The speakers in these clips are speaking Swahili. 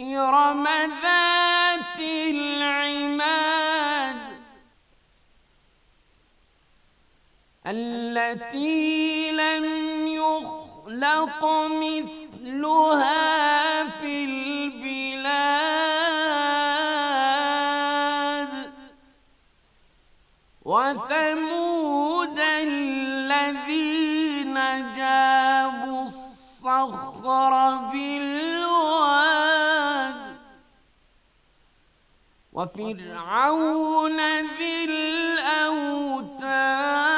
إرم ذات العماد التي لم يخلق مثلها في البلاد وثمود وفرعون ذي الأوتاد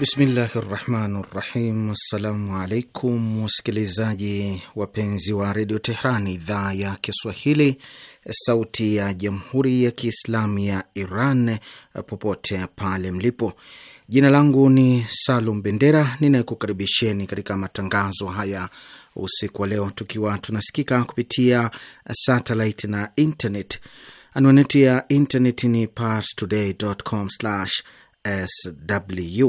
Bismillahi rahmani rahim. Assalamu alaikum wasikilizaji wapenzi wa redio Tehran, idhaa ya Kiswahili, sauti ya jamhuri ya kiislamu ya Iran, popote pale mlipo. Jina langu ni Salum Bendera, ninayekukaribisheni katika matangazo haya usiku wa leo, tukiwa tunasikika kupitia satellite na internet. Anwani ya internet ni parstoday.com/sw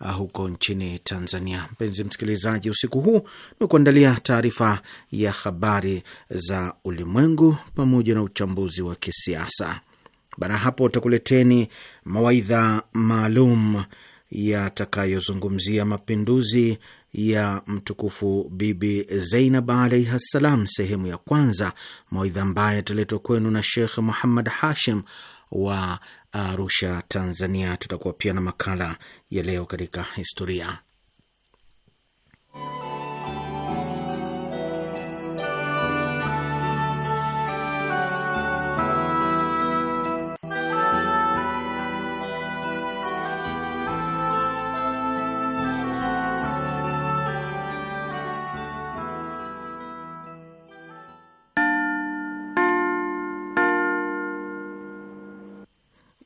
Uh, huko nchini Tanzania. Mpenzi msikilizaji, usiku huu nimekuandalia taarifa ya habari za ulimwengu pamoja na uchambuzi wa kisiasa. Baada ya hapo, utakuleteni mawaidha maalum yatakayozungumzia mapinduzi ya mtukufu Bibi Zeinab alaihi ssalam, sehemu ya kwanza, mawaidha ambayo yataletwa kwenu na Shekh Muhammad Hashim wa Arusha, Tanzania. Tutakuwa pia na makala ya leo katika historia.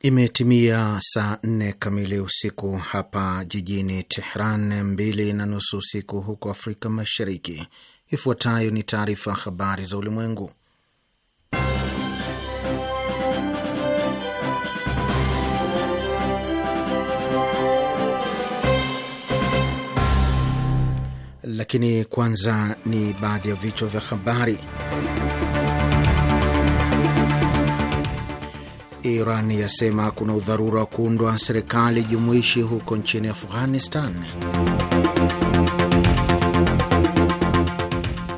Imetimia saa nne kamili usiku hapa jijini Tehran, mbili na nusu usiku huko Afrika Mashariki. Ifuatayo ni taarifa habari za ulimwengu, lakini kwanza ni baadhi ya vichwa vya habari. Iran yasema kuna udharura wa kuundwa serikali jumuishi huko nchini Afghanistan.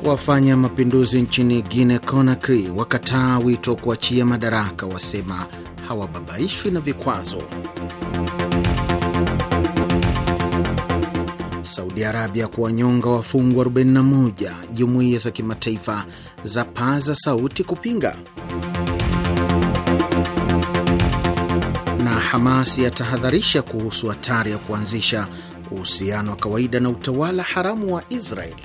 Wafanya mapinduzi nchini Guinea Conakry wakataa wito kuachia madaraka, wasema hawababaishwi na vikwazo. Saudi Arabia kuwanyonga wafungwa 41, jumuiya za kimataifa za paza sauti kupinga Hamas yatahadharisha kuhusu hatari ya kuanzisha uhusiano wa kawaida na utawala haramu wa Israel.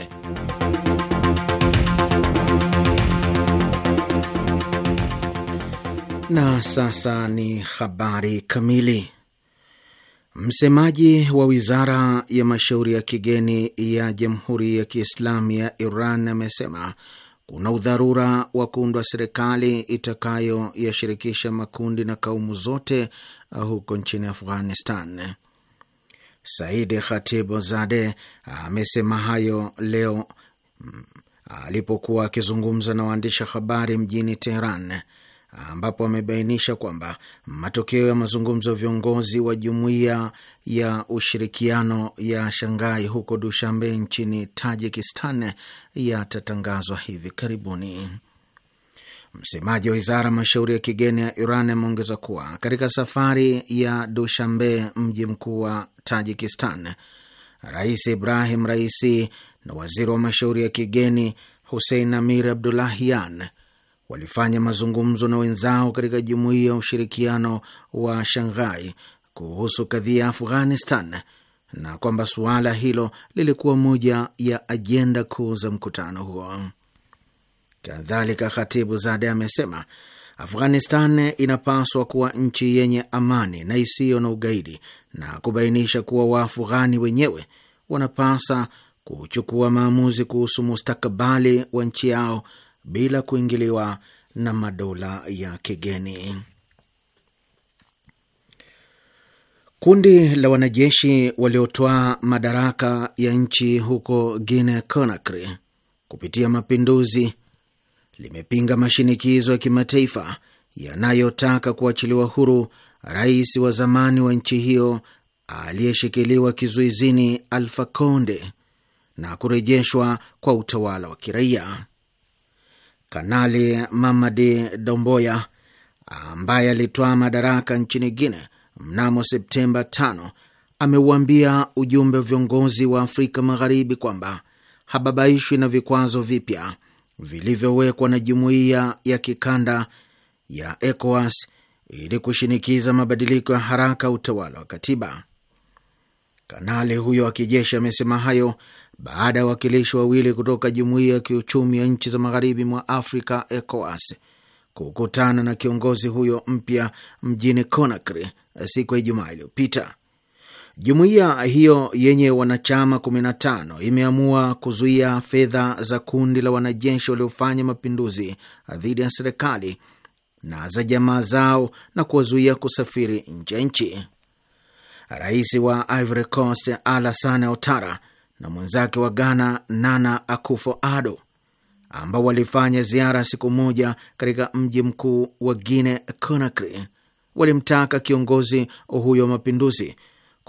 Na sasa ni habari kamili. Msemaji wa wizara ya mashauri ya kigeni ya Jamhuri ya Kiislamu ya Iran amesema kuna udharura wa kuundwa serikali itakayoyashirikisha makundi na kaumu zote huko nchini Afghanistan. Saidi Khatibu Zade amesema hayo leo mm, alipokuwa akizungumza na waandishi habari mjini Teheran, ambapo amebainisha kwamba matokeo ya mazungumzo ya viongozi wa jumuiya ya ushirikiano ya shangai huko Dushambe nchini Tajikistan yatatangazwa hivi karibuni. Msemaji wa wizara mashauri ya kigeni ya Iran ameongeza kuwa katika safari ya dushambe mji mkuu wa Tajikistan, Rais Ibrahim Raisi na waziri wa mashauri ya kigeni husein Amir Abdulahian walifanya mazungumzo na wenzao katika jumuiya ya ushirikiano wa Shanghai kuhusu kadhia ya Afghanistan na kwamba suala hilo lilikuwa moja ya ajenda kuu za mkutano huo. Kadhalika, Khatibu Zade amesema Afghanistan inapaswa kuwa nchi yenye amani na isiyo na ugaidi na kubainisha kuwa Waafghani wenyewe wanapasa kuchukua maamuzi kuhusu mustakabali wa nchi yao bila kuingiliwa na madola ya kigeni. Kundi la wanajeshi waliotoa madaraka ya nchi huko Guinea Conakry kupitia mapinduzi limepinga mashinikizo ya kimataifa yanayotaka kuachiliwa huru rais wa zamani wa nchi hiyo aliyeshikiliwa kizuizini Alfa Conde na kurejeshwa kwa utawala wa kiraia. Kanali Mamadi Domboya ambaye alitwaa madaraka nchini Guine mnamo Septemba 5 ameuambia ujumbe wa viongozi wa Afrika Magharibi kwamba hababaishwi na vikwazo vipya vilivyowekwa na jumuiya ya kikanda ya ECOWAS ili kushinikiza mabadiliko ya haraka utawala wa katiba. Kanali huyo wa kijeshi amesema hayo baada ya wawakilishi wawili kutoka jumuiya ya kiuchumi ya nchi za magharibi mwa Afrika ECOWAS kukutana na kiongozi huyo mpya mjini Conakry siku ya Ijumaa iliyopita. Jumuiya hiyo yenye wanachama 15 imeamua kuzuia fedha za kundi la wanajeshi waliofanya mapinduzi dhidi ya serikali na za jamaa zao na kuwazuia kusafiri nje ya nchi. Rais wa Ivory Coast Alassane Ouattara na mwenzake wa Ghana Nana Akufo-Addo ambao walifanya ziara siku moja katika mji mkuu wa Guinea Conakry, walimtaka kiongozi huyo wa mapinduzi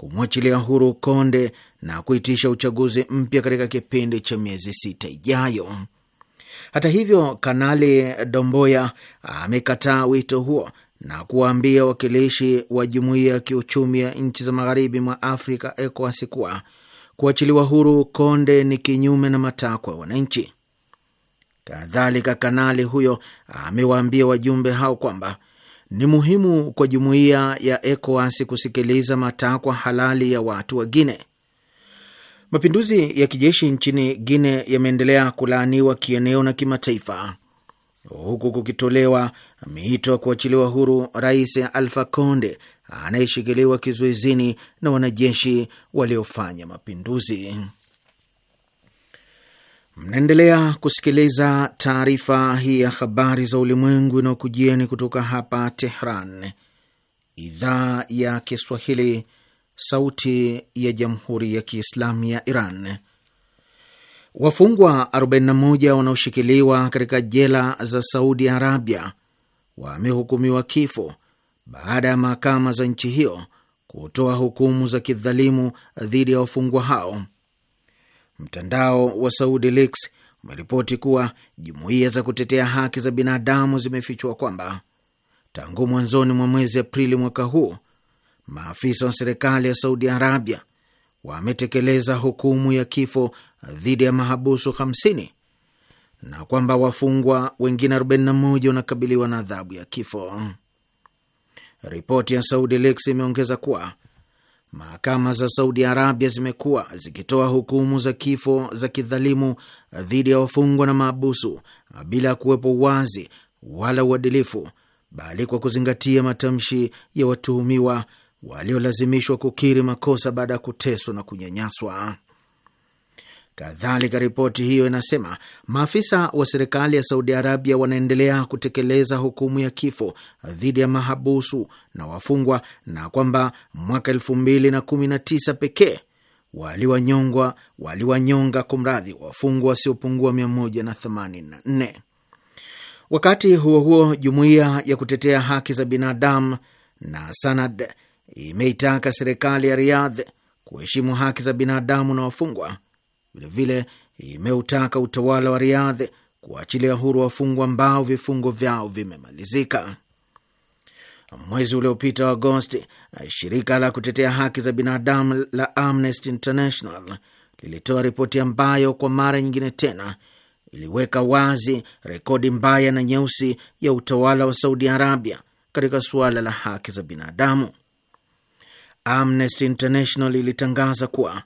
kumwachilia huru Konde na kuitisha uchaguzi mpya katika kipindi cha miezi sita ijayo. Hata hivyo, Kanali Domboya amekataa wito huo na kuwaambia wakilishi wa jumuiya ya kiuchumi ya nchi za magharibi mwa Afrika, ECOWAS, kuwa kuachiliwa huru Konde ni kinyume na matakwa ya wananchi. Kadhalika, kanali huyo amewaambia wajumbe hao kwamba ni muhimu kwa jumuiya ya ECOWAS kusikiliza matakwa halali ya watu wa Guine. Mapinduzi ya kijeshi nchini Guine yameendelea kulaaniwa kieneo na kimataifa, huku kukitolewa miito ya kuachiliwa huru Rais Alfa Conde anayeshikiliwa kizuizini na wanajeshi waliofanya mapinduzi. Mnaendelea kusikiliza taarifa hii ya habari za ulimwengu inayokujieni kutoka hapa Tehran, idhaa ya Kiswahili, sauti ya jamhuri ya kiislamu ya Iran. Wafungwa 41 wanaoshikiliwa katika jela za Saudi Arabia wamehukumiwa kifo baada ya mahakama za nchi hiyo kutoa hukumu za kidhalimu dhidi ya wafungwa hao. Mtandao wa Saudi Leaks umeripoti kuwa jumuiya za kutetea haki za binadamu zimefichua kwamba tangu mwanzoni mwa mwezi Aprili mwaka huu maafisa wa serikali ya Saudi Arabia wametekeleza hukumu ya kifo dhidi ya mahabusu 50 na kwamba wafungwa wengine 41 wanakabiliwa na adhabu ya kifo. Ripoti ya Saudi Leaks imeongeza kuwa Mahakama za Saudi Arabia zimekuwa zikitoa hukumu za kifo za kidhalimu dhidi ya wafungwa na maabusu bila ya kuwepo uwazi wala uadilifu, bali kwa kuzingatia matamshi ya watuhumiwa waliolazimishwa kukiri makosa baada ya kuteswa na kunyanyaswa. Kadhalika, ripoti hiyo inasema maafisa wa serikali ya Saudi Arabia wanaendelea kutekeleza hukumu ya kifo dhidi ya mahabusu na wafungwa na kwamba mwaka elfu mbili na kumi na tisa pekee waliwanyongwa waliwanyonga kumradhi wafungwa wasiopungua 184. Wakati huo huo, jumuiya ya kutetea haki za binadamu na Sanad imeitaka serikali ya Riyadh kuheshimu haki za binadamu na wafungwa. Vilevile imeutaka utawala wa riadhi kuachilia huru wafungwa ambao vifungo vyao vimemalizika. Mwezi uliopita wa Agosti, shirika la kutetea haki za binadamu la Amnesty International lilitoa ripoti ambayo kwa mara nyingine tena iliweka wazi rekodi mbaya na nyeusi ya utawala wa Saudi Arabia katika suala la haki za binadamu. Amnesty International ilitangaza kuwa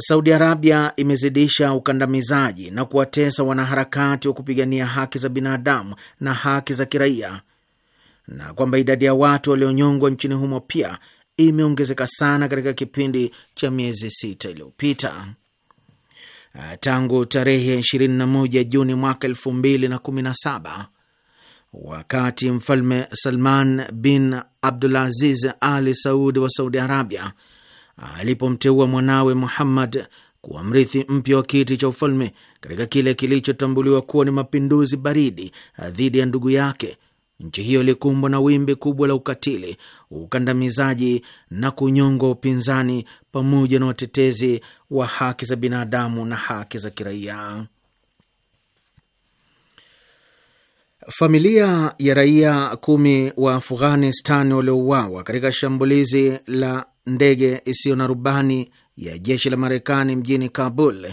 Saudi Arabia imezidisha ukandamizaji na kuwatesa wanaharakati wa kupigania haki za binadamu na haki za kiraia na kwamba idadi ya watu walionyongwa nchini humo pia imeongezeka sana katika kipindi cha miezi sita iliyopita tangu tarehe 21 Juni mwaka 2017 wakati mfalme Salman bin Abdulaziz Ali Saud wa Saudi Arabia alipomteua mwanawe Muhammad kuwa mrithi mpya wa kiti cha ufalme katika kile kilichotambuliwa kuwa ni mapinduzi baridi eh, dhidi ya ndugu yake. Nchi hiyo ilikumbwa na wimbi kubwa la ukatili, ukandamizaji na kunyongwa upinzani pamoja na watetezi wa haki za binadamu na haki za kiraia. Familia ya raia kumi wa Afghanistan waliouawa katika shambulizi la ndege isiyo na rubani ya jeshi la Marekani mjini Kabul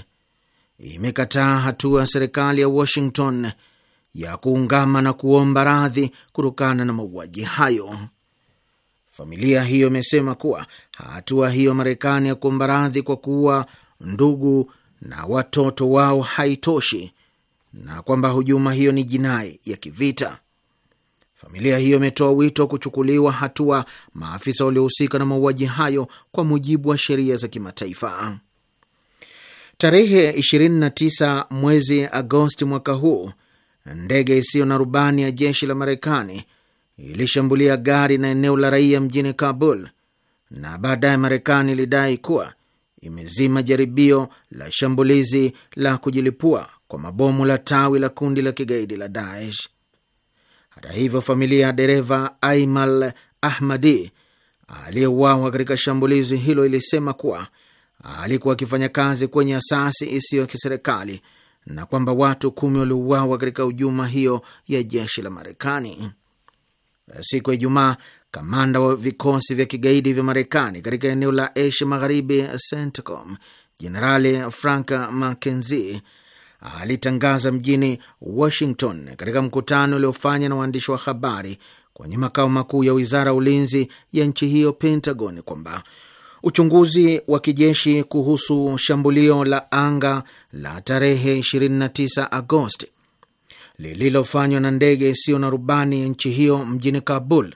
imekataa hatua ya serikali ya Washington ya kuungama na kuomba radhi kutokana na mauaji hayo. Familia hiyo imesema kuwa hatua hiyo Marekani ya kuomba radhi kwa kuua ndugu na watoto wao haitoshi na kwamba hujuma hiyo ni jinai ya kivita. Familia hiyo imetoa wito kuchukuliwa hatua maafisa waliohusika na mauaji hayo kwa mujibu wa sheria za kimataifa. Tarehe 29 mwezi Agosti mwaka huu, ndege isiyo na rubani ya jeshi la Marekani ilishambulia gari na eneo la raia mjini Kabul, na baadaye Marekani ilidai kuwa imezima jaribio la shambulizi la kujilipua kwa mabomu la tawi la kundi la kigaidi la Daesh. Hata hivyo, familia ya dereva Aimal Ahmadi aliyeuawa katika shambulizi hilo ilisema kuwa alikuwa akifanya kazi kwenye asasi isiyo ya kiserikali na kwamba watu kumi waliuawa katika hujuma hiyo ya jeshi la Marekani siku ya Ijumaa. Kamanda wa vikosi vya kigaidi vya Marekani katika eneo la Asia Magharibi, CENTCOM, Jenerali Frank Mackenzie alitangaza mjini Washington katika mkutano uliofanya na waandishi wa habari kwenye makao makuu ya wizara ya ulinzi ya nchi hiyo, Pentagon, kwamba uchunguzi wa kijeshi kuhusu shambulio la anga la tarehe 29 Agosti lililofanywa na ndege isiyo na rubani ya nchi hiyo mjini Kabul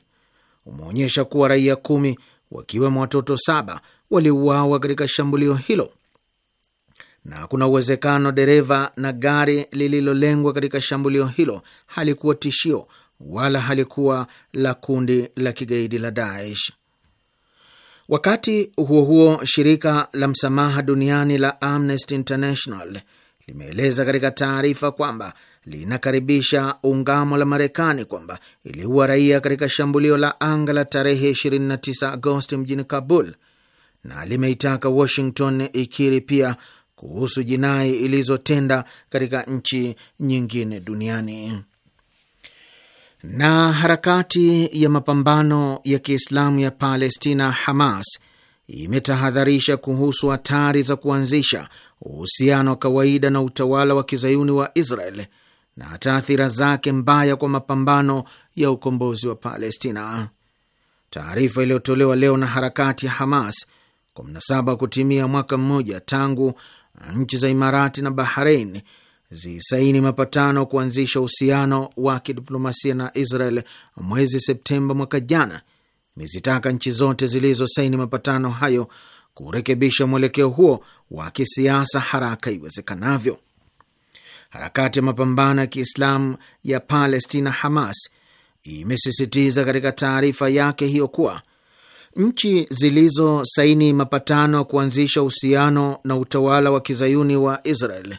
umeonyesha kuwa raia kumi wakiwemo watoto saba waliuawa katika shambulio hilo na kuna uwezekano dereva na gari lililolengwa katika shambulio hilo halikuwa tishio wala halikuwa la kundi la kigaidi la Daesh. Wakati huo huo, shirika la msamaha duniani la Amnesty International limeeleza katika taarifa kwamba linakaribisha ungamo la Marekani kwamba iliua raia katika shambulio la anga la tarehe 29 Agosti mjini Kabul, na limeitaka Washington ikiri pia kuhusu jinai ilizotenda katika nchi nyingine duniani. Na harakati ya mapambano ya Kiislamu ya Palestina, Hamas, imetahadharisha kuhusu hatari za kuanzisha uhusiano wa kawaida na utawala wa kizayuni wa Israel na taathira zake mbaya kwa mapambano ya ukombozi wa Palestina. Taarifa iliyotolewa leo na harakati ya Hamas kwa mnasaba wa kutimia mwaka mmoja tangu nchi za Imarati na Bahrain zisaini mapatano kuanzisha uhusiano wa kidiplomasia na Israel mwezi Septemba mwaka jana, imezitaka nchi zote zilizosaini mapatano hayo kurekebisha mwelekeo huo wa kisiasa haraka iwezekanavyo. Harakati ya mapambano ya Kiislamu ya Palestina, Hamas, imesisitiza katika taarifa yake hiyo kuwa Nchi zilizosaini mapatano ya kuanzisha uhusiano na utawala wa kizayuni wa Israel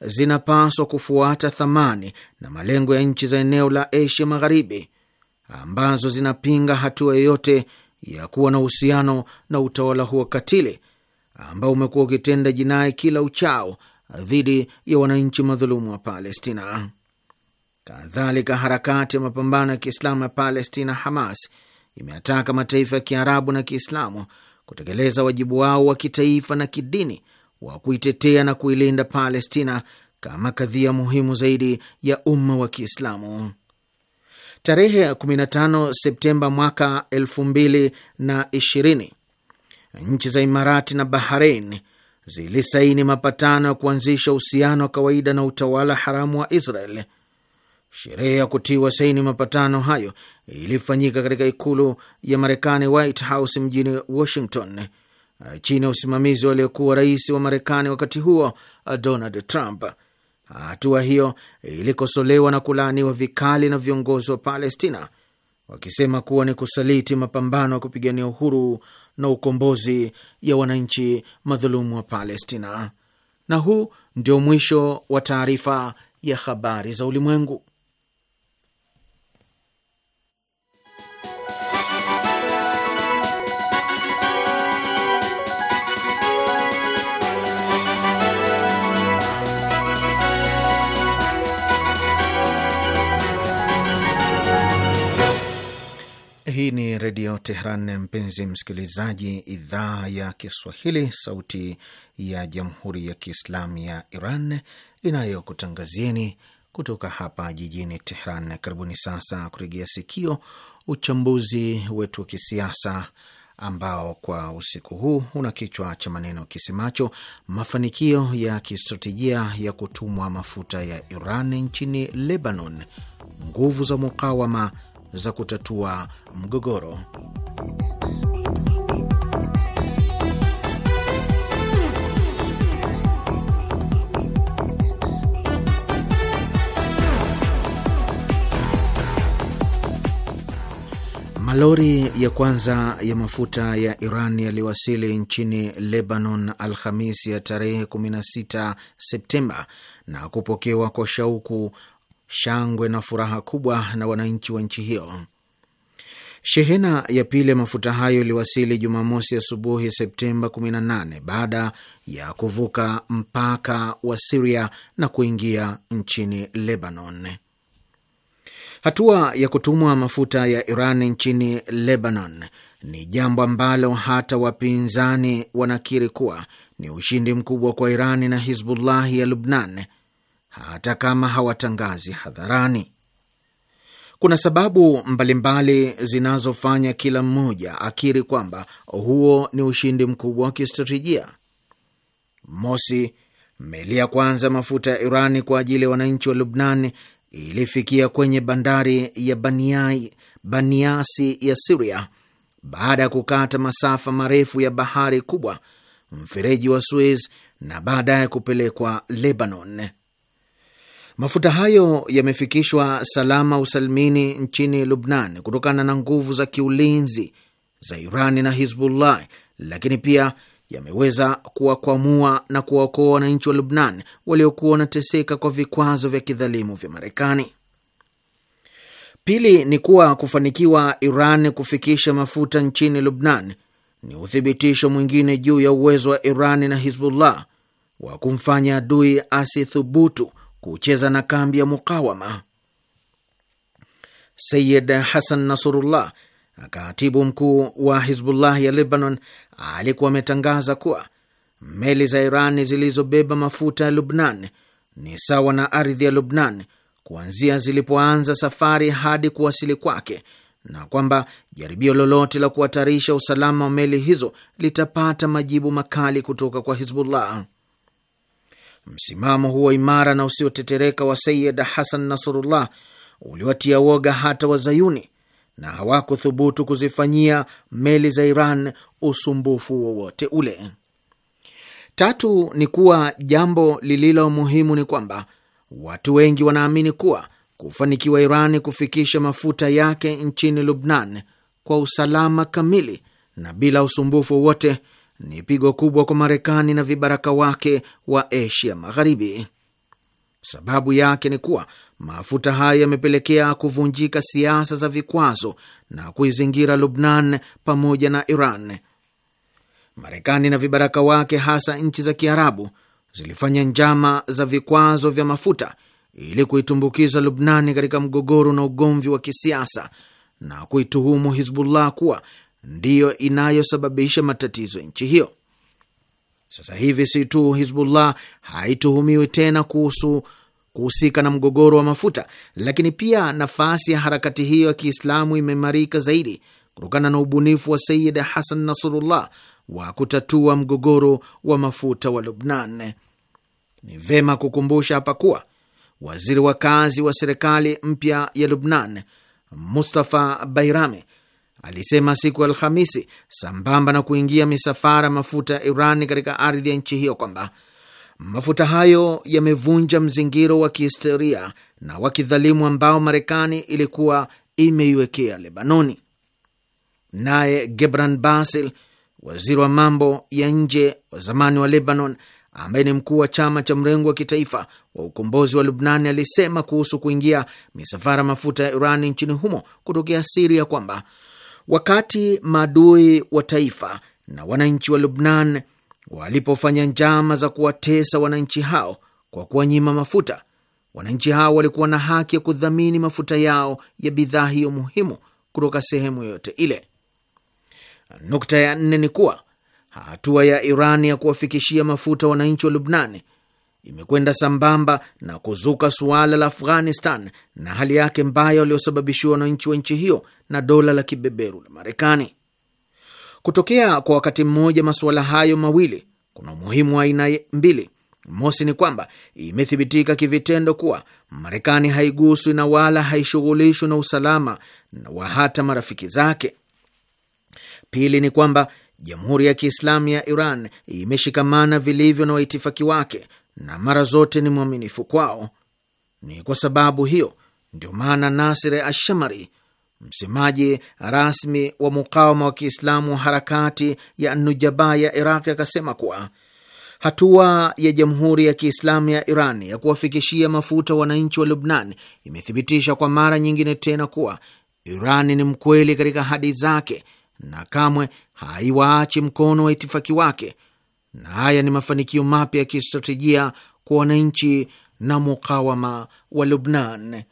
zinapaswa kufuata thamani na malengo ya nchi za eneo la Asia Magharibi ambazo zinapinga hatua yoyote ya kuwa na uhusiano na utawala huo katili ambao umekuwa ukitenda jinai kila uchao dhidi ya wananchi madhulumu wa Palestina. Kadhalika, harakati ya mapambano ya Kiislamu ya Palestina, Hamas, imeataka mataifa ya Kiarabu na Kiislamu kutekeleza wajibu wao wa kitaifa na kidini wa kuitetea na kuilinda Palestina kama kadhia muhimu zaidi ya umma wa Kiislamu. Tarehe ya 15 Septemba mwaka 2020 nchi za Imarati na Bahrain zilisaini mapatano ya kuanzisha uhusiano wa kawaida na utawala haramu wa Israel Sherehe ya kutiwa saini mapatano hayo ilifanyika katika ikulu ya Marekani, White House, mjini Washington, chini ya usimamizi wa aliyekuwa rais wa Marekani wakati huo Donald Trump. Hatua hiyo ilikosolewa na kulaaniwa vikali na viongozi wa Palestina wakisema kuwa ni kusaliti mapambano ya kupigania uhuru na ukombozi ya wananchi madhulumu wa Palestina. Na huu ndio mwisho wa taarifa ya habari za ulimwengu. Hii ni Redio Tehran, mpenzi msikilizaji, idhaa ya Kiswahili, sauti ya Jamhuri ya Kiislamu ya Iran inayokutangazieni kutoka hapa jijini Tehran. Karibuni sasa kuregea sikio uchambuzi wetu wa kisiasa ambao kwa usiku huu una kichwa cha maneno kisemacho mafanikio ya kistratejia ya kutumwa mafuta ya Iran nchini Lebanon, nguvu za mukawama za kutatua mgogoro. Malori ya kwanza ya mafuta ya Iran yaliwasili nchini Lebanon Alhamisi ya tarehe 16 Septemba na kupokewa kwa shauku shangwe na furaha kubwa na wananchi wa nchi hiyo. Shehena ya pili ya mafuta hayo iliwasili Jumamosi asubuhi Septemba 18 baada ya kuvuka mpaka wa Siria na kuingia nchini Lebanon. Hatua ya kutumwa mafuta ya Iran nchini Lebanon ni jambo ambalo hata wapinzani wanakiri kuwa ni ushindi mkubwa kwa iran na Hizbullahi ya Lubnan hata kama hawatangazi hadharani. Kuna sababu mbalimbali zinazofanya kila mmoja akiri kwamba huo ni ushindi mkubwa wa kistratejia. Mosi, meli ya kwanza mafuta ya Irani kwa ajili ya wananchi wa Lubnan ilifikia kwenye bandari ya Baniai, Baniasi ya Siria baada ya kukata masafa marefu ya bahari kubwa, mfereji wa Suez na baadaye kupelekwa Lebanon. Mafuta hayo yamefikishwa salama usalimini nchini Lubnan kutokana na nguvu za kiulinzi za Irani na Hizbullah, lakini pia yameweza kuwakwamua na kuwaokoa wananchi wa Lubnan waliokuwa wanateseka kwa vikwazo vya kidhalimu vya Marekani. Pili ni kuwa kufanikiwa Iran kufikisha mafuta nchini Lubnan ni uthibitisho mwingine juu ya uwezo wa Iran na Hizbullah wa kumfanya adui asithubutu kucheza na kambi ya mukawama. Sayid Hasan Nasurullah, katibu mkuu wa Hizbullah ya Lebanon, alikuwa ametangaza kuwa meli za Iran zilizobeba mafuta ya Lubnan ni sawa na ardhi ya Lubnan kuanzia zilipoanza safari hadi kuwasili kwake, na kwamba jaribio lolote la kuhatarisha usalama wa meli hizo litapata majibu makali kutoka kwa Hizbullah. Msimamo huo imara na usiotetereka wa Sayid Hasan Nasrullah uliwatia woga hata Wazayuni, na hawakuthubutu kuzifanyia meli za Iran usumbufu wowote ule. Tatu ni kuwa jambo lililo muhimu ni kwamba watu wengi wanaamini kuwa kufanikiwa Iran kufikisha mafuta yake nchini Lubnan kwa usalama kamili na bila usumbufu wowote ni pigo kubwa kwa Marekani na vibaraka wake wa Asia Magharibi. Sababu yake ni kuwa mafuta hayo yamepelekea kuvunjika siasa za vikwazo na kuizingira Lubnan pamoja na Iran. Marekani na vibaraka wake, hasa nchi za Kiarabu, zilifanya njama za vikwazo vya mafuta ili kuitumbukiza Lubnani katika mgogoro na ugomvi wa kisiasa na kuituhumu Hizbullah kuwa ndiyo inayosababisha matatizo ya nchi hiyo. Sasa hivi si tu Hizbullah haituhumiwi tena kuhusu kuhusika na mgogoro wa mafuta, lakini pia nafasi ya harakati hiyo ya Kiislamu imeimarika zaidi kutokana na ubunifu wa Sayid Hasan Nasrullah wa kutatua mgogoro wa mafuta wa Lubnan. Ni vema kukumbusha hapa kuwa waziri wa kazi wa serikali mpya ya Lubnan, Mustafa bairami alisema siku ya Alhamisi sambamba na kuingia misafara mafuta ya Iran katika ardhi ya nchi hiyo kwamba mafuta hayo yamevunja mzingiro wa kihistoria na wa kidhalimu ambao Marekani ilikuwa imeiwekea Lebanoni. Naye Gebran Basil, waziri wa mambo ya nje wa zamani wa Lebanon, ambaye ni mkuu wa chama cha mrengo wa kitaifa wa ukombozi wa Lubnani, alisema kuhusu kuingia misafara mafuta ya Iran nchini humo kutokea Siria kwamba wakati maadui wa taifa na wananchi wa Lubnan walipofanya njama za kuwatesa wananchi hao kwa kuwanyima mafuta. Wananchi hao walikuwa na haki ya kudhamini mafuta yao ya bidhaa hiyo muhimu kutoka sehemu yoyote ile. Nukta ya nne ni kuwa hatua ya Iran ya kuwafikishia mafuta wananchi wa Lubnani imekwenda sambamba na kuzuka suala la Afghanistan na hali yake mbaya waliosababishiwa wananchi wa nchi hiyo na dola la kibeberu la Marekani. Kutokea kwa wakati mmoja masuala hayo mawili kuna umuhimu wa aina mbili. Mosi ni kwamba imethibitika kivitendo kuwa Marekani haiguswi na wala haishughulishwi na usalama wa hata marafiki zake. Pili ni kwamba Jamhuri ya Kiislamu ya Iran imeshikamana vilivyo na waitifaki wake na mara zote ni mwaminifu kwao. Ni kwa sababu hiyo ndio maana Nasir Ashamari, msemaji rasmi wa mukawama wa Kiislamu wa harakati ya Nujaba ya iraq akasema kuwa hatua ya Jamhuri ya Kiislamu ya Iran ya kuwafikishia mafuta wananchi wa Lubnan imethibitisha kwa mara nyingine tena kuwa Iran ni mkweli katika ahadi zake na kamwe haiwaachi mkono wa itifaki wake na haya ni mafanikio mapya ya kistratejia kwa wananchi na mukawama wa Lubnan.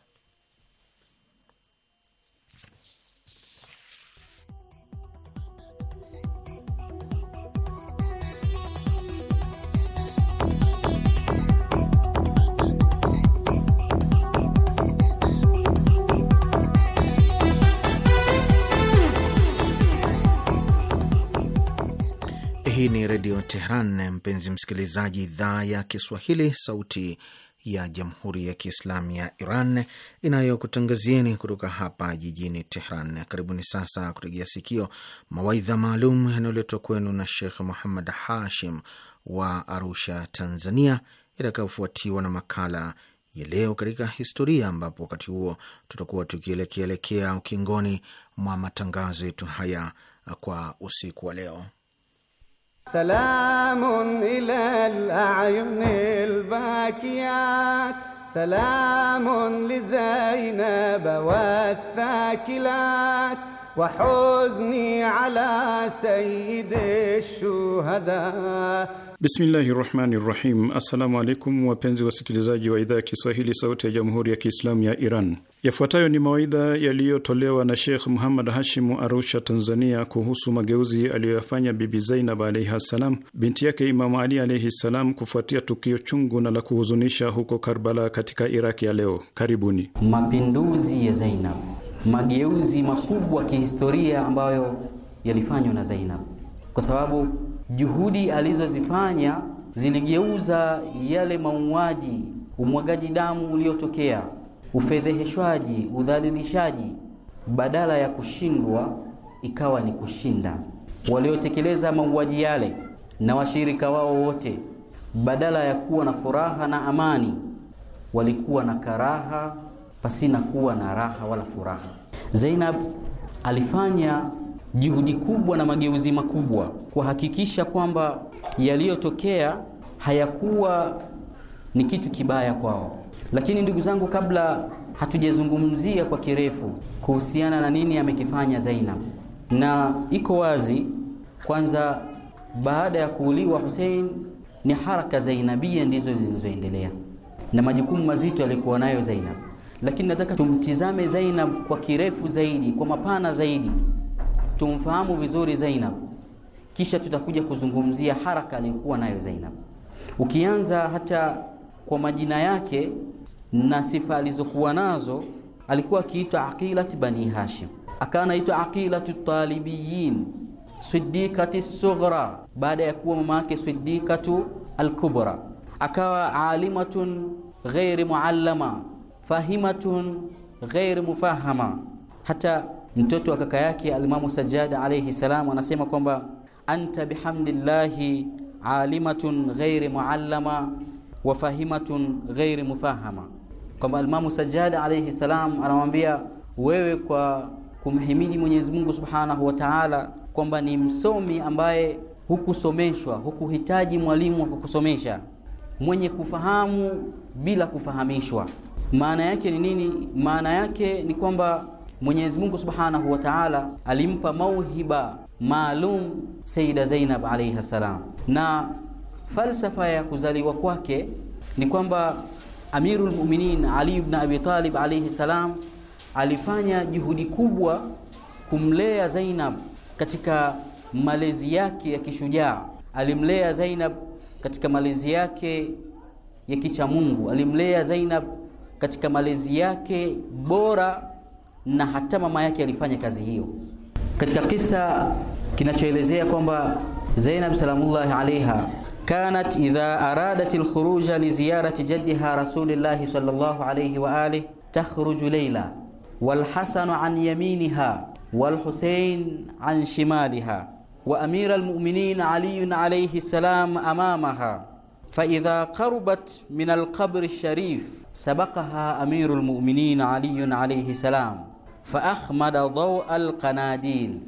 Hii ni Redio Tehran, mpenzi msikilizaji, idhaa ya Kiswahili, sauti ya Jamhuri ya Kiislamu ya Iran inayokutangazieni kutoka hapa jijini Tehran. Karibuni sasa kutegea sikio mawaidha maalum yanayoletwa kwenu na Shekh Muhammad Hashim wa Arusha, Tanzania, itakayofuatiwa na makala ya leo katika historia, ambapo wakati huo tutakuwa tukielekeelekea ukingoni mwa matangazo yetu haya kwa usiku wa leo. سلام إلى الأعين الباكيات سلام لزينب والثاكلات وحزني على سيد الشهداء Bismillahi rahmani rahim. Assalamu alaikum wapenzi wasikilizaji wa idhaa ya Kiswahili sauti ya jamhuri ya Kiislamu ya Iran. Yafuatayo ni mawaidha yaliyotolewa na Sheikh Muhammad Hashimu Arusha, Tanzania, kuhusu mageuzi aliyoyafanya Bibi Zainab alaihi ssalam, binti yake Imamu Ali alaihi ssalam, kufuatia tukio chungu na la kuhuzunisha huko Karbala katika Iraki ya leo. Karibuni. Mapinduzi ya Zainab, mageuzi makubwa kihistoria ambayo yalifanywa na Zainab kwa sababu juhudi alizozifanya ziligeuza yale mauaji, umwagaji damu uliotokea, ufedheheshwaji, udhalilishaji, badala ya kushindwa ikawa ni kushinda. Waliotekeleza mauaji yale na washirika wao wote, badala ya kuwa na furaha na amani, walikuwa na karaha pasina kuwa na raha wala furaha. Zainab alifanya juhudi kubwa na mageuzi makubwa kuhakikisha kwamba yaliyotokea hayakuwa ni kitu kibaya kwao. Lakini ndugu zangu, kabla hatujazungumzia kwa kirefu kuhusiana na nini amekifanya Zainab, na iko wazi kwanza, baada ya kuuliwa Hussein ni haraka Zainabia ndizo zilizoendelea na majukumu mazito yalikuwa nayo Zainab, lakini nataka tumtizame Zainab kwa kirefu zaidi, kwa mapana zaidi tumfahamu vizuri Zainab, kisha tutakuja kuzungumzia haraka aliyokuwa nayo Zainab, ukianza hata kwa majina yake na sifa alizokuwa nazo. Alikuwa akiitwa Aqilat Bani Hashim, akawa anaitwa aqilat Talibiyin, Siddiqati Sughra baada ya kuwa mama yake Siddiqatu Alkubra, akawa alimatun ghairi muallama fahimatun ghairi mufahama hata mtoto wa kaka yake alimamu Sajjad alayhi salam anasema kwamba anta bihamdillahi alimatun ghairi muallama wa fahimatun ghairi mufahama, kwamba alimamu Sajjad alayhi salam anamwambia wewe kwa kumhimidi Mwenyezi Mungu Subhanahu wa Ta'ala kwamba ni msomi ambaye hukusomeshwa, hukuhitaji mwalimu wa kukusomesha, mwenye kufahamu bila kufahamishwa. Maana yake ni nini? Maana yake ni kwamba Mwenyezi Mungu Subhanahu wa Ta'ala alimpa mauhiba maalum Sayyida Zainab alayha salam, na falsafa ya kuzaliwa kwake ni kwamba Amirul Mu'minin Ali ibn Abi Talib alayhi salam alifanya juhudi kubwa kumlea Zainab katika malezi yake ya kishujaa. Alimlea Zainab katika malezi yake ya kicha Mungu, alimlea Zainab katika malezi yake bora na hata mama yake alifanya kazi hiyo. Katika kisa kinachoelezea kwamba Zainab salamullahi alaiha kanat idha aradat alkhuruja li ziyarati jaddiha rasulillahi sallallahu alayhi wa alihi takhruju layla والحسن عن يمينها والحسين عن شمالها وأمير المؤمنين علي عليه السلام أمامها فإذا qarabat min alqabr alsharif sabaqaha أمير المؤمنين علي عليه salam faahmada dhaw alqanadil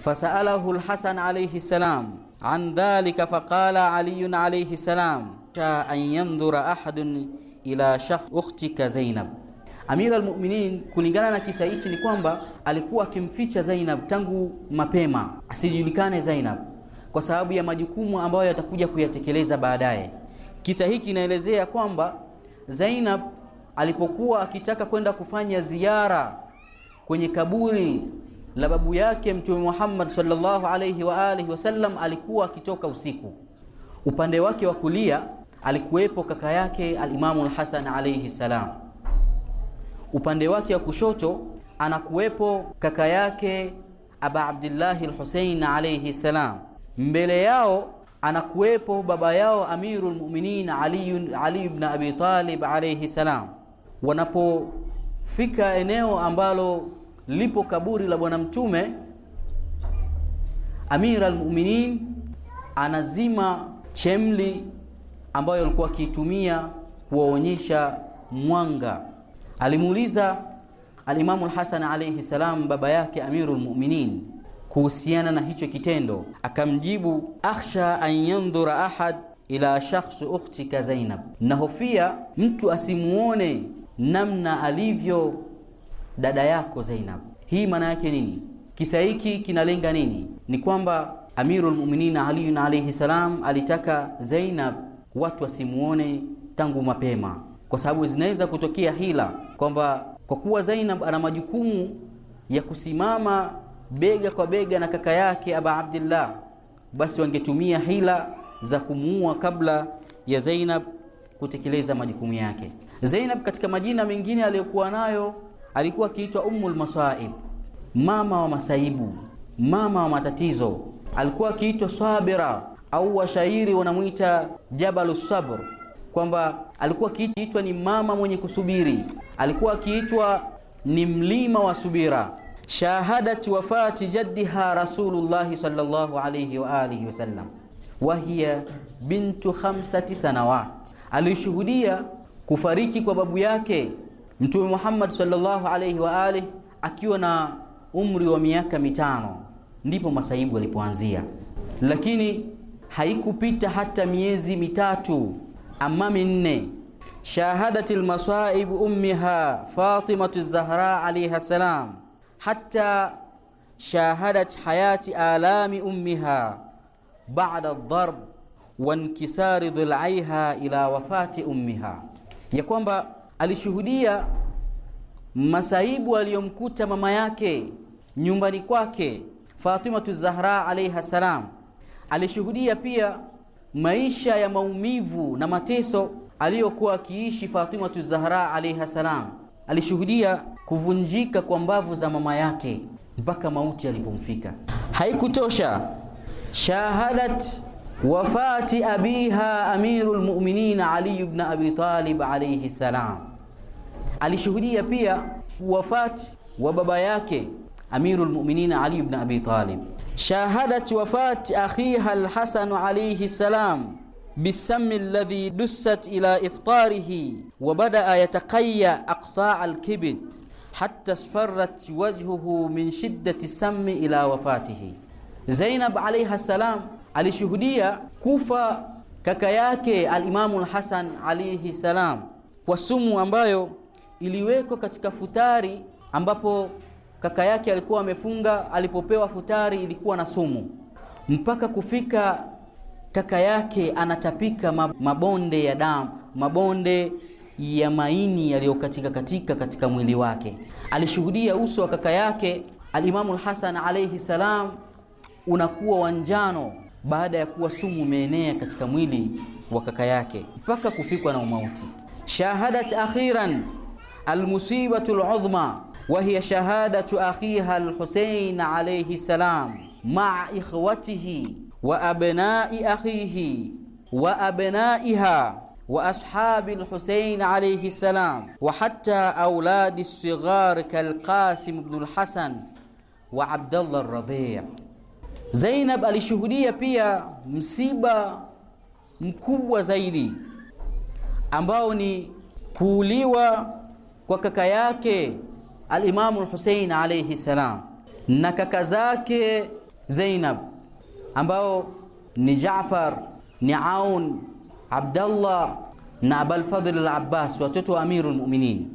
fasalahu lhasan alaihi salam an dhalika faqala aliyun alaihi salam sha an yandhura ahadun ila shakh ukhtika Zainab. Amira almuminin, kulingana na kisa hichi ni kwamba alikuwa akimficha Zainab tangu mapema asijulikane Zainab kwa sababu ya majukumu ambayo yatakuja kuyatekeleza baadaye. Kisa hiki inaelezea kwamba Zainab alipokuwa akitaka kwenda kufanya ziara kwenye kaburi la babu yake Mtume Muhammad sallallahu alayhi wa alihi wasallam alikuwa akitoka usiku. Upande wake wa kulia alikuwepo kaka yake Alimamu Alhasan alayhi salam, upande wake wa kushoto anakuwepo kaka yake Aba Abdillahi Alhusein alayhi salam, mbele yao anakuwepo baba yao Amirul Mu'minin Ali, Ali ibn Abi Talib alayhi salam. Wanapofika eneo ambalo lipo kaburi la bwana mtume Amir al-Mu'minin anazima chemli ambayo alikuwa akiitumia kuwaonyesha mwanga. Alimuuliza alimamu al-Hasan alayhi salam baba yake Amirul Mu'minin kuhusiana na hicho kitendo, akamjibu akhsha an yandhura ahad ila shakhsi ukhtika Zainab, nahofia mtu asimuone namna alivyo dada yako Zainab. Hii maana yake nini? Kisa hiki kinalenga nini? Ni kwamba Amirul Mu'minin Ali alayhi salam alitaka Zainab watu wasimuone tangu mapema, kwa sababu zinaweza kutokea hila kwamba kwa kuwa Zainab ana majukumu ya kusimama bega kwa bega na kaka yake Aba Abdillah, basi wangetumia hila za kumuua kabla ya Zainab kutekeleza majukumu yake. Zainab katika majina mengine aliyokuwa nayo alikuwa akiitwa Ummul Masaib, mama wa masaibu, mama wa matatizo. Alikuwa akiitwa Sabira au washairi wanamwita Jabalu Sabr, kwamba alikuwa akiitwa ni mama mwenye kusubiri, alikuwa akiitwa ni mlima wa subira. Shahadat wafati jaddiha Rasulullahi sallallahu alayhi wa alihi wasallam wa hiya bintu khamsati sanawat, alishuhudia kufariki kwa babu yake Mtume Muhammad sallallahu alayhi wa alihi akiwa na umri wa miaka mitano ndipo masaibu yalipoanzia, lakini haikupita hata miezi mitatu ama minne, shahadati lmasaibu ummiha Fatimatu Zahra alayha salam hata shahadat hayati alami ummiha bada darb wa inkisari dhulaiha ila wafati ummiha, ya kwamba alishuhudia masaibu aliyomkuta mama yake nyumbani kwake Fatimatu Zahra alayha salam. Alishuhudia pia maisha ya maumivu na mateso aliyokuwa akiishi Fatimatu Zahra alayha salam. Alishuhudia kuvunjika kwa mbavu za mama yake mpaka mauti alipomfika. Haikutosha, shahadat wafati abiha amirul mu'minin Ali ibn Abi Talib alayhi salam Alishuhudia pia wafati wa baba yake Amirul Mu'minin Ali ibn Abi Talib. Shahadat wafat akhiha al-Hasan alayhi salam bisami alladhi dussat ila iftarihi wa badaa yatakaya aqtaa al-kibd hatta asfarrat wajhuhu min shiddati sami ila wafatihi. Zainab alayha salam alishuhudia kufa kaka yake al-Imamu alayhi salam kwa sumu ambayo iliwekwa katika futari ambapo kaka yake alikuwa amefunga. Alipopewa futari ilikuwa na sumu, mpaka kufika kaka yake anatapika mabonde ya damu, mabonde ya maini yaliyokatika katika katika mwili wake. Alishuhudia uso wa kaka yake Alimamu Hasan alaihi salam unakuwa wanjano baada ya kuwa sumu umeenea katika mwili wa kaka yake mpaka kufikwa na umauti. shahadat akhiran المصيبة العظمى وهي شهادة أخيها الحسين عليه السلام مع إخوته وأبناء أخيه وأبنائها وأصحاب الحسين عليه السلام وحتى أولاد الصغار كالقاسم بن الحسن وعبد الله الرضيع زينب alishuhudia pia msiba mkubwa zaidi ambao ni kuuliwa kwa kaka yake Alimamu Husein alayhi salam na kaka zake Zainab ambao ni Jaafar ni Aun Abdallah na Abalfadhl al-Abbas watoto wa Amirul Mu'minin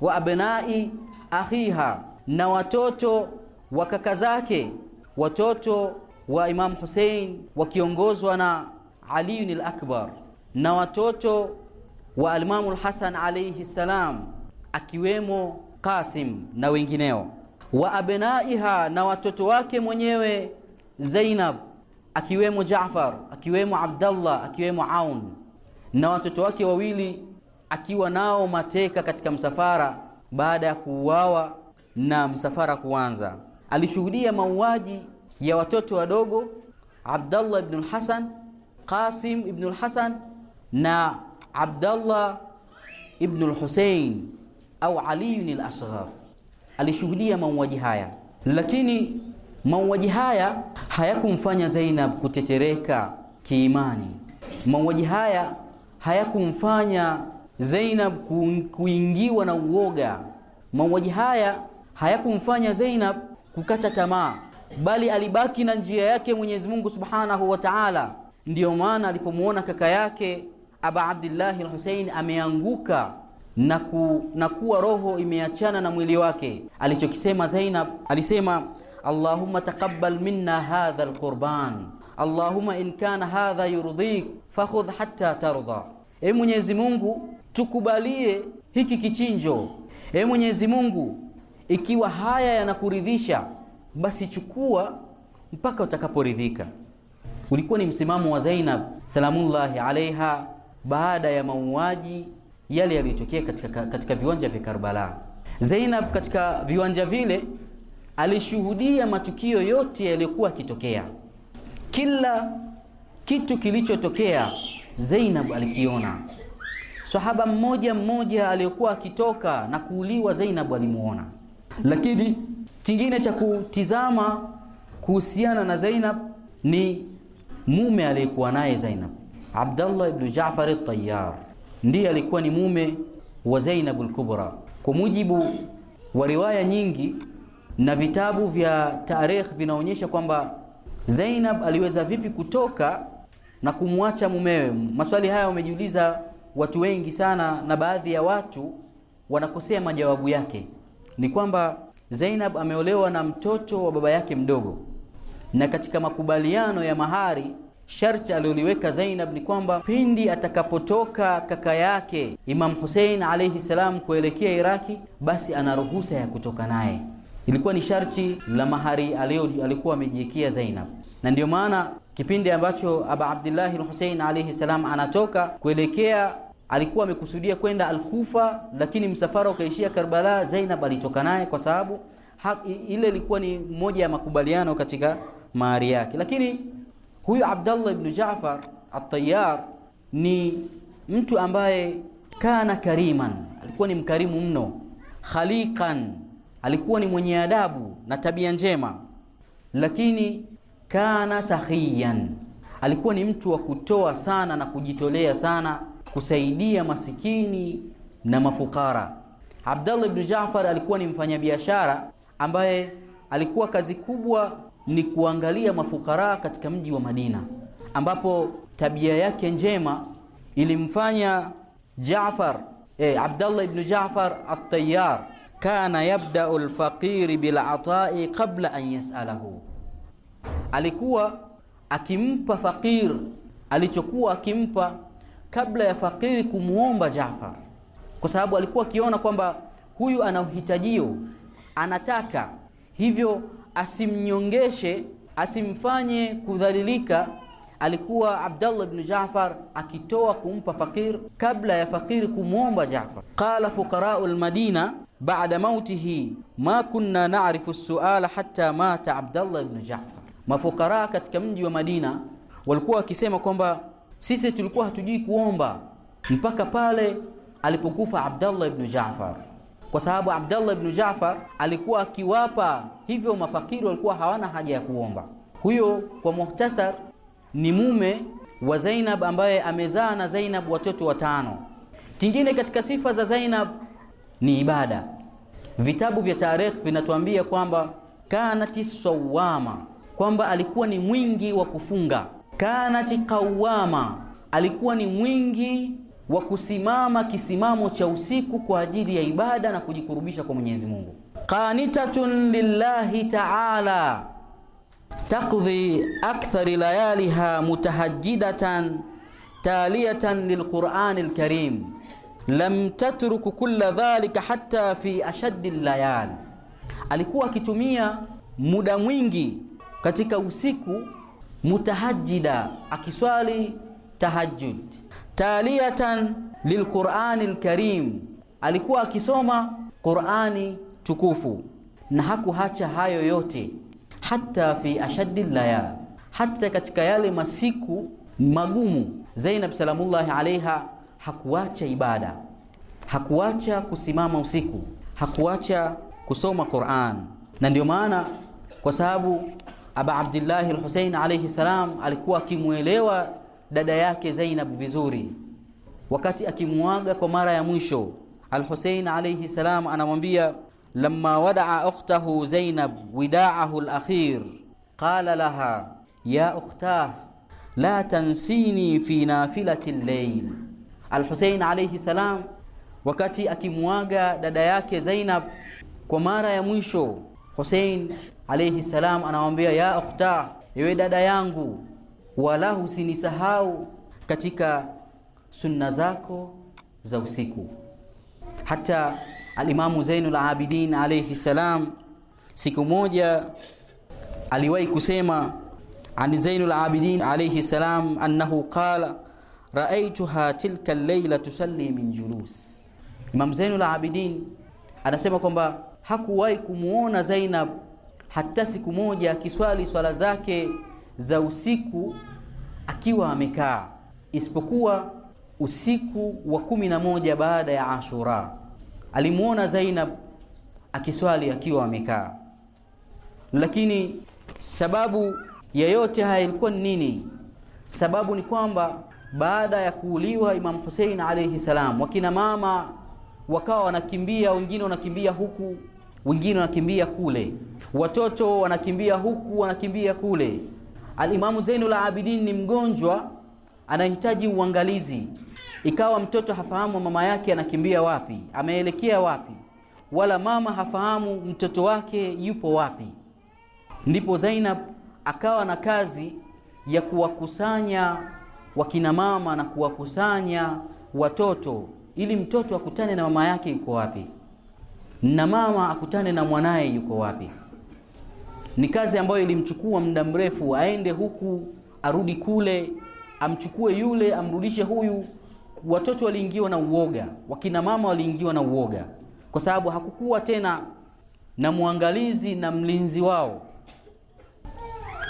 wa abnai akhiha na watoto wa kaka zake watoto wa Imam Hussein wakiongozwa na Ali al na watoto wa Alimamu al-Hasan alayhi akiwemo Qasim na wengineo, wa abnaiha, na watoto wake mwenyewe Zainab, akiwemo Jaafar, akiwemo Abdallah, akiwemo Aun na watoto wake wawili, akiwa nao mateka katika msafara baada ya kuuawa na msafara kuanza. Alishuhudia mauaji ya watoto wadogo Abdallah ibn al-Hasan, Qasim ibn al-Hasan na Abdallah ibn al-Hussein au Aliyun al-Asghar alishuhudia mauaji haya, lakini mauaji haya hayakumfanya Zainab kutetereka kiimani. Mauaji haya hayakumfanya Zainab kuingiwa na uoga. Mauaji haya hayakumfanya Zainab kukata tamaa, bali alibaki na njia yake Mwenyezi Mungu Subhanahu wa Ta'ala. Ndiyo maana alipomwona kaka yake Aba Abdillahi al ameanguka na, ku, na kuwa roho imeachana na mwili wake. Alichokisema Zainab alisema, Allahumma taqabbal minna hadha alqurban, Allahumma in kana hadha yurdhik fakhudh hatta tardha. E Mwenyezi Mungu, tukubalie hiki kichinjo. E Mwenyezi Mungu, ikiwa haya yanakuridhisha, basi chukua mpaka utakaporidhika. Ulikuwa ni msimamo wa Zainab salamullahi alaiha baada ya mauaji yale yaliyotokea katika, katika viwanja vya Karbala. Zainab katika viwanja vile alishuhudia matukio yote yaliyokuwa akitokea Kila kitu kilichotokea Zainab alikiona. Sahaba mmoja mmoja aliyokuwa akitoka na kuuliwa Zainab alimuona. Lakini kingine cha kutizama kuhusiana na Zainab ni mume aliyekuwa naye Zainab, Abdallah ibn Jaafar at-Tayyar ndiye alikuwa ni mume wa Zainab al-Kubra. Kwa mujibu wa riwaya nyingi na vitabu vya tarikh vinaonyesha kwamba Zainab aliweza vipi kutoka na kumwacha mumewe. Maswali haya wamejiuliza watu wengi sana, na baadhi ya watu wanakosea majawabu yake. Ni kwamba Zainab ameolewa na mtoto wa baba yake mdogo, na katika makubaliano ya mahari Sharti aliyoliweka Zainab ni kwamba pindi atakapotoka kaka yake Imam Hussein alayhi salam kuelekea Iraki, basi ana ruhusa ya kutoka naye. Ilikuwa ni sharti la mahari aliyokuwa amejiwekea Zainab, na ndiyo maana kipindi ambacho Aba Abdillahi al-Hussein alayhi salam anatoka kuelekea alikuwa amekusudia kwenda Al-Kufa, lakini msafara ukaishia Karbala. Zainab alitoka naye kwa sababu ile ilikuwa ni moja ya makubaliano katika mahari yake, lakini Huyu Abdallah ibn Jaafar At-Tayyar ni mtu ambaye kana kariman, alikuwa ni mkarimu mno, khaliqan, alikuwa ni mwenye adabu na tabia njema, lakini kana sakhiyan, alikuwa ni mtu wa kutoa sana na kujitolea sana kusaidia masikini na mafukara. Abdallah ibn Jaafar alikuwa ni mfanyabiashara ambaye alikuwa kazi kubwa ni kuangalia mafukara katika mji wa Madina, ambapo tabia yake njema ilimfanya Jaafar eh, Abdallah ibn Jaafar at-Tayyar kana yabdau lfaqiri ata'i qabla an yasalahu, alikuwa akimpa faqir alichokuwa akimpa kabla ya faqiri kumwomba Jaafar, kwa sababu alikuwa akiona kwamba huyu ana uhitajio, anataka hivyo asimnyongeshe, asimfanye kudhalilika, alikuwa Abdallah bnu jafar akitoa kumpa fakir kabla ya fakiri kumwomba Jaafar. Qala fuqarau lmadina ba'da mautihi ma kunna na'rifu suala hatta mata Abdallah ibn jafar Mafukara katika mji wa Madina walikuwa wakisema kwamba sisi tulikuwa hatujui kuomba mpaka pale alipokufa Abdallah bnu jafar kwa sababu Abdallah ibn Jaafar alikuwa akiwapa hivyo mafakiri walikuwa hawana haja ya kuomba. Huyo kwa muhtasar ni mume wa Zainab ambaye amezaa na Zainab watoto watano. Kingine katika sifa za Zainab ni ibada. Vitabu vya tarikh vinatuambia kwamba kanati sawama, kwamba alikuwa ni mwingi wa kufunga. Kanati qawama, alikuwa ni mwingi wa kusimama kisimamo cha usiku kwa ajili ya ibada na kujikurubisha kwa Mwenyezi Mungu. Qanitatun lillahi ta'ala taqdi akthari layaliha mutahajjidatan taliyatan lilqur'ani alkarim lam tatruku kulla dhalika hatta fi ashaddi layal. Alikuwa akitumia muda mwingi katika usiku mutahajjida akiswali tahajjud taliatan lilqurani lkarim, alikuwa akisoma Qurani tukufu na hakuhacha hayo yote, hata fi ashaddi llayal hata katika yale masiku magumu. Zainab salamullahi alaiha hakuacha ibada, hakuacha kusimama usiku, hakuacha kusoma Qur'an. Na ndio maana kwa sababu Aba Abdillahi Lhusein alaihi salam alikuwa akimwelewa dada yake Zainab vizuri. Wakati akimuaga kwa mara ya mwisho, Al-Hussein alayhi salam anamwambia, lamma wadaa ukhtahu Zainab widaahu al qala laha ya ukhtah la tansini fi nafilati al-layl. alayhi salam wakati akimuaga dada yake Zainab kwa mara ya mwisho, Hussein alayhi salam anamwambia, ya ukhtah, ewe dada yangu wala usinisahau katika sunna zako za usiku. Hata alimamu Zainul Abidin alayhi salam siku moja aliwahi kusema an Zainul Abidin alayhi salam annahu qala raaituha tilka al-layla tusalli min julus. Imam Zainul Abidin anasema kwamba hakuwahi kumuona Zainab hata siku moja akiswali swala zake za usiku akiwa amekaa, isipokuwa usiku wa kumi na moja baada ya Ashura alimuona Zainab akiswali akiwa amekaa. Lakini sababu ya yote haya ilikuwa ni nini? Sababu ni kwamba baada ya kuuliwa Imam Hussein alayhi salam, wakina mama wakawa wanakimbia, wengine wanakimbia huku, wengine wanakimbia kule, watoto wanakimbia huku, wanakimbia kule Alimamu Zainul Abidin ni mgonjwa, anahitaji uangalizi. Ikawa mtoto hafahamu mama yake anakimbia wapi, ameelekea wapi, wala mama hafahamu mtoto wake yupo wapi. Ndipo Zainab akawa na kazi ya kuwakusanya wakina mama na kuwakusanya watoto ili mtoto akutane na mama yake yuko wapi na mama akutane na mwanaye yuko wapi. Ni kazi ambayo ilimchukua muda mrefu, aende huku arudi kule, amchukue yule amrudishe huyu. Watoto waliingiwa na uoga, wakina mama waliingiwa na uoga, kwa sababu hakukuwa tena na mwangalizi na mlinzi wao,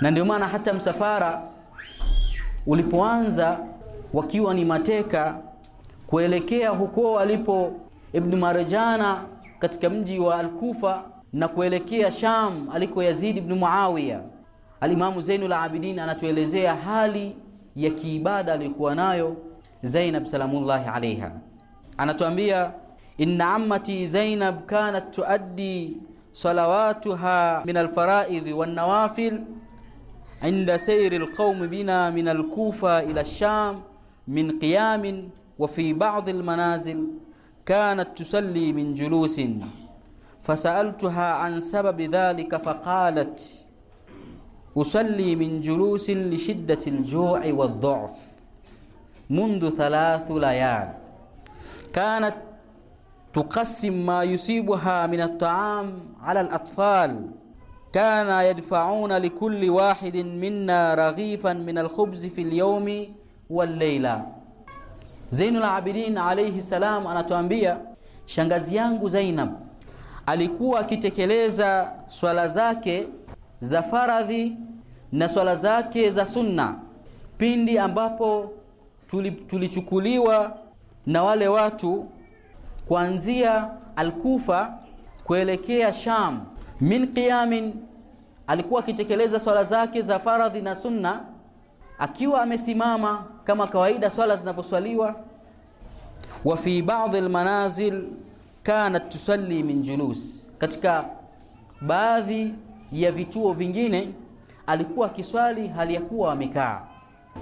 na ndio maana hata msafara ulipoanza wakiwa ni mateka kuelekea huko alipo Ibn Marjana katika mji wa alkufa na kuelekea Sham aliko Yazid ibn Muawiya, alimamu Zainul Abidin anatuelezea hali ya kiibada aliyokuwa nayo Zainab salamullahi alaiha. Anatuambia, inna ammati Zainab kanat tuaddi salawatuha min alfaraidhi wanawafil inda sairi alqaumi bina min alkufa ila Sham min qiyamin wa fi ba'dhi almanazil kanat tusalli min julusin fasaltuha an sababi dhalika faqalat usalli min julusin lishiddati aljui wadhaaf mundu thalathu layal kanat tuqassim ma yusibuha min altaam ala alatfal kana yadfauna likulli wahidin minna raghifan min alkhubzi fi lyaumi walleila. Zainul Abidin alayhi salam anatuambia, shangazi yangu Zainab alikuwa akitekeleza swala zake za faradhi na swala zake za sunna pindi ambapo tulichukuliwa tuli na wale watu kuanzia Alkufa kuelekea Sham. Min qiyamin, alikuwa akitekeleza swala zake za faradhi na sunna akiwa amesimama kama kawaida swala zinavyoswaliwa. Wa fi ba'd almanazil kanat tusalli min julus, katika baadhi ya vituo vingine alikuwa akiswali hali ya kuwa amekaa.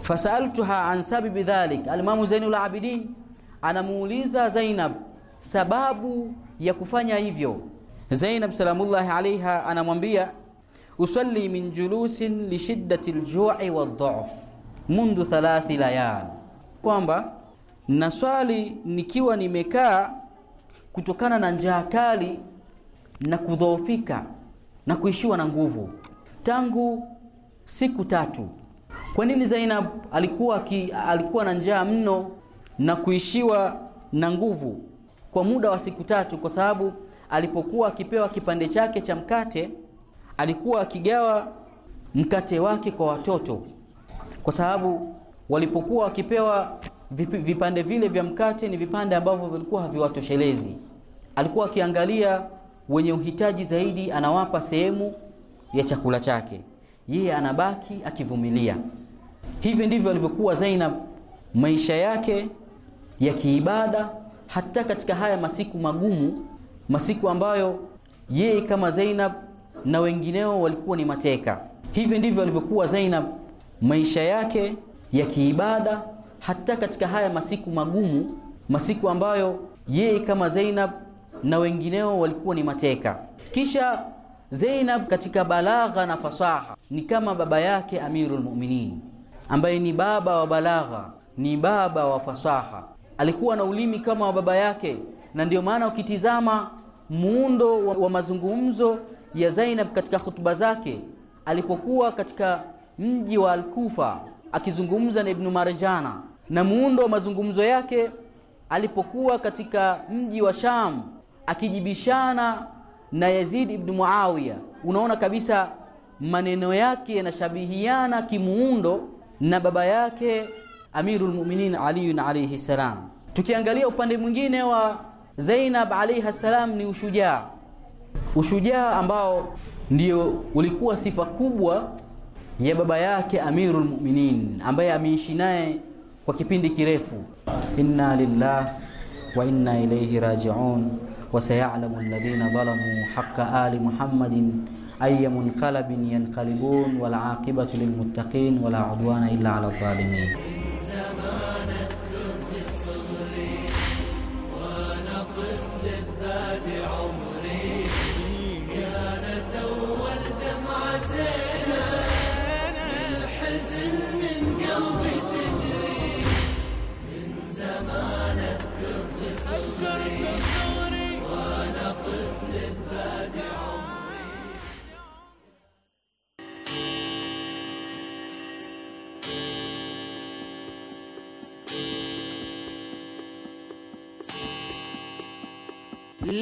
Fasaltuha an sababi dhalik, Alimamu Zainul Abidin anamuuliza Zainab sababu ya kufanya hivyo. Zainab salamullahi alaiha anamwambia usalli min julusin lishiddati ljui wadhaaf mundu thalathi layal, kwamba naswali nikiwa nimekaa kutokana na njaa kali na kudhoofika na kuishiwa na nguvu tangu siku tatu. Kwa nini Zainab alikuwa ki, alikuwa na njaa mno na kuishiwa na nguvu kwa muda wa siku tatu? Kwa sababu alipokuwa akipewa kipande chake cha mkate alikuwa akigawa mkate wake kwa watoto, kwa sababu walipokuwa wakipewa vipande vile vya mkate ni vipande ambavyo vilikuwa haviwatoshelezi. Alikuwa akiangalia wenye uhitaji zaidi, anawapa sehemu ya chakula chake, yeye anabaki akivumilia. Hivi ndivyo alivyokuwa Zainab, maisha yake ya kiibada, hata katika haya masiku magumu, masiku ambayo yeye kama Zainab na wengineo walikuwa ni mateka. Hivi ndivyo alivyokuwa Zainab, maisha yake ya kiibada hata katika haya masiku magumu, masiku ambayo yeye kama Zainab na wengineo walikuwa ni mateka. Kisha Zainab katika balagha na fasaha ni kama baba yake Amirul Mu'minin, ambaye ni baba wa balagha, ni baba wa fasaha. Alikuwa na ulimi kama wa baba yake, na ndio maana ukitizama muundo wa, wa mazungumzo ya Zainab katika hutuba zake alipokuwa katika mji wa Al-Kufa akizungumza na Ibn Marjana na muundo wa mazungumzo yake alipokuwa katika mji wa Sham akijibishana na Yazid ibn Muawiya, unaona kabisa maneno yake yanashabihiana kimuundo na baba yake Amirul Mu'minin Ali alayhi salam. Tukiangalia upande mwingine wa Zainab alayha salam ni ushujaa, ushujaa ambao ndio ulikuwa sifa kubwa ya baba yake Amirul Mu'minin ambaye ameishi naye kwa kipindi kirefu. Inna lillahi wa inna ilayhi raji'un wa sayalamu alladhina dhalamu haqqa ali Muhammadin ayya munqalabin yanqalibun wal aqibatu lilmuttaqin wala udwana illa ala dhalimin.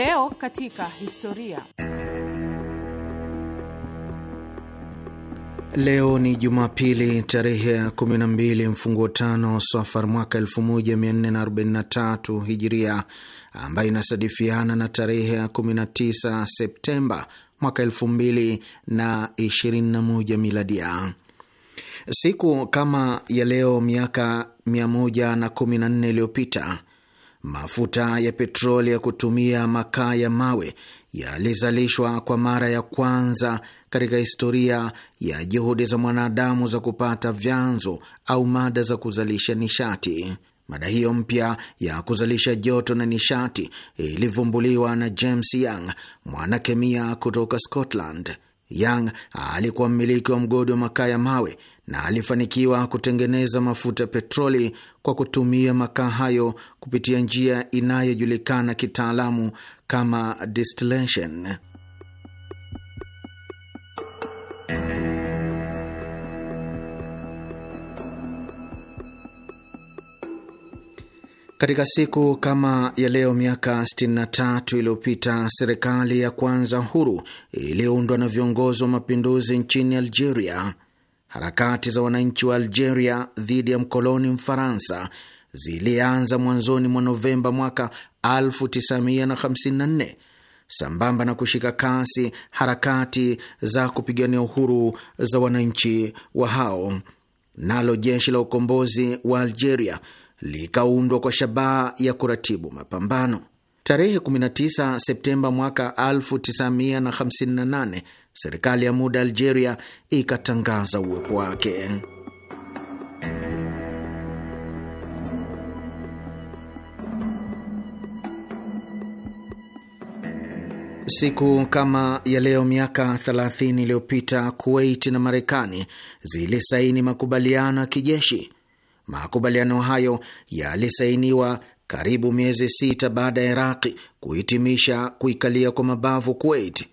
Leo katika historia. Leo ni Jumapili tarehe ya 12 mfunguo tano Safar mwaka 1443 Hijiria, ambayo inasadifiana na tarehe ya 19 Septemba mwaka 2021 Miladia. Siku kama ya leo miaka 114 iliyopita mafuta ya petroli ya kutumia makaa ya mawe yalizalishwa kwa mara ya kwanza katika historia ya juhudi za mwanadamu za kupata vyanzo au mada za kuzalisha nishati. Mada hiyo mpya ya kuzalisha joto na nishati ilivumbuliwa na James Young, mwanakemia kutoka Scotland. Young alikuwa mmiliki wa mgodi wa makaa ya mawe na alifanikiwa kutengeneza mafuta petroli kwa kutumia makaa hayo kupitia njia inayojulikana kitaalamu kama distillation. Katika siku kama ya leo miaka 63 iliyopita serikali ya kwanza huru iliyoundwa na viongozi wa mapinduzi nchini Algeria Harakati za wananchi wa Algeria dhidi ya mkoloni Mfaransa zilianza mwanzoni mwa Novemba mwaka 1954 sambamba na kushika kasi harakati za kupigania uhuru za wananchi wa hao, nalo jeshi la ukombozi wa Algeria likaundwa kwa shabaha ya kuratibu mapambano. Tarehe 19 Septemba mwaka 1958 serikali ya muda Algeria ikatangaza uwepo wake. Siku kama ya leo miaka 30 iliyopita Kuwait na Marekani zilisaini makubaliano ya kijeshi. Makubaliano hayo yalisainiwa karibu miezi sita baada ya Iraqi kuhitimisha kuikalia kwa mabavu Kuwait.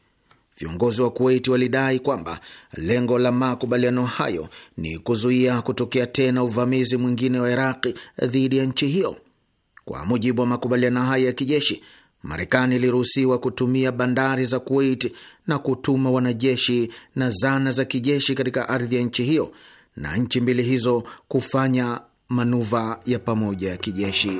Viongozi wa Kuwait walidai kwamba lengo la makubaliano hayo ni kuzuia kutokea tena uvamizi mwingine wa Iraqi dhidi ya nchi hiyo. Kwa mujibu wa makubaliano hayo ya kijeshi, Marekani iliruhusiwa kutumia bandari za Kuwait na kutuma wanajeshi na zana za kijeshi katika ardhi ya nchi hiyo na nchi mbili hizo kufanya manuva ya pamoja ya kijeshi.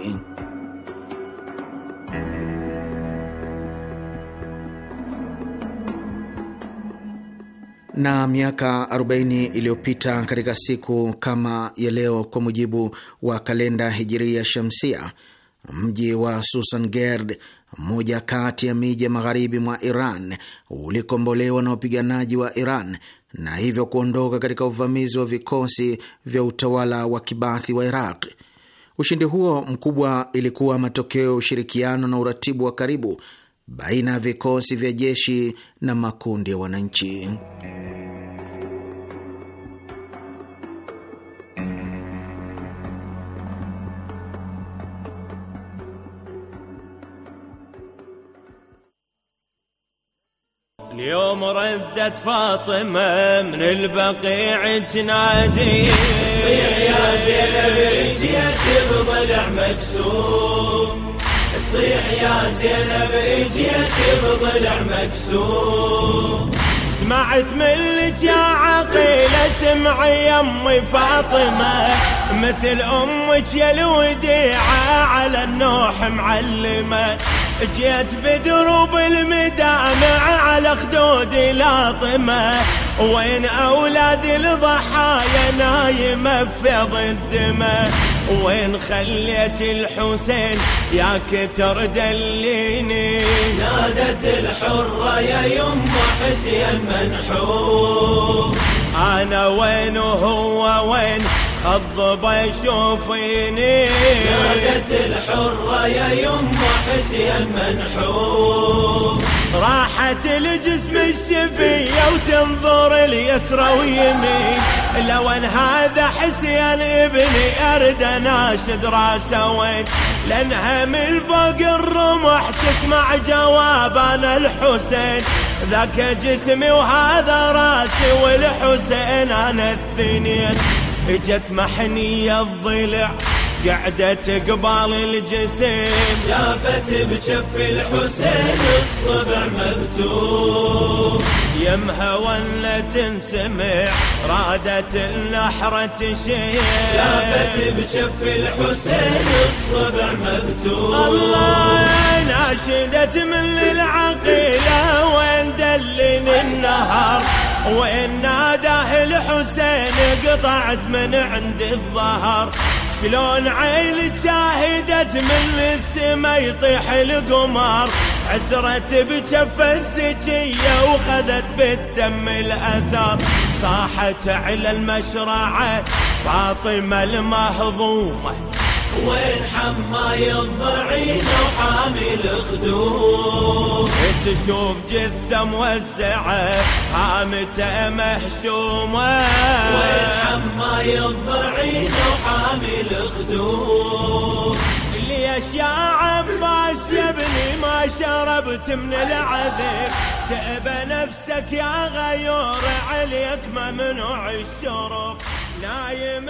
na miaka 40 iliyopita katika siku kama ya leo, kwa mujibu wa kalenda hijiria shamsia, mji wa Susangerd, mmoja kati ya miji ya magharibi mwa Iran, ulikombolewa na wapiganaji wa Iran na hivyo kuondoka katika uvamizi wa vikosi vya utawala wa kibathi wa Iraq. Ushindi huo mkubwa ilikuwa matokeo ya ushirikiano na uratibu wa karibu baina ya vikosi vya jeshi na makundi ya wananchi. اليوم ردت فاطمة من البقيع تنادي صيح يا زينب جيت بضلع مكسور صيح يا زينب اجيت بضلع مكسور سمعت ملك يا عقيلة سمعي امي فاطمة مثل امك يا الوديعة على النوح معلمة جيت بدروب المدامع على خدودي لاطمة وين اولاد الضحايا نايمة في الدمة وين خليت الحسين يا كتر دليني نادت الحرة يا يما حسين منحور انا وين وهو وين خضب يشوفيني نادت الحرة يا يما حسين منحور راحت لجسم الشفية وتنظر اليسرى ويمين لو ان هذا حسين ابني ارد اناشد راسه وين لانها من فوق الرمح تسمع جواب انا الحسين ذاك جسمي وهذا راسي والحسين انا الثنين اجت محنية الضلع قعدت قبال الجسيم شافت بجف الحسين الصبع مبتوم يمها ولا تنسمع رادت اللحرة تشيع شافت بجف الحسين الصبع مبتوم الله ناشدت من العقيلة وين دلل النهار وين ناداه الحسين قطعت من عند الظهر شلون عيل شاهدت من السما يطيح القمر عثرت بجف السجية وخذت بالدم الأثر صاحت على المشرعة فاطمة المهضومة وين حماي الضعين وحامل خدود تشوف جثة موسعة عامتة محشومة وين حماي الضعين وحامل خدود ليش يا عباس يا ابني ما شربت من العذب تأبى نفسك يا غيور عليك ممنوع الشرب نايم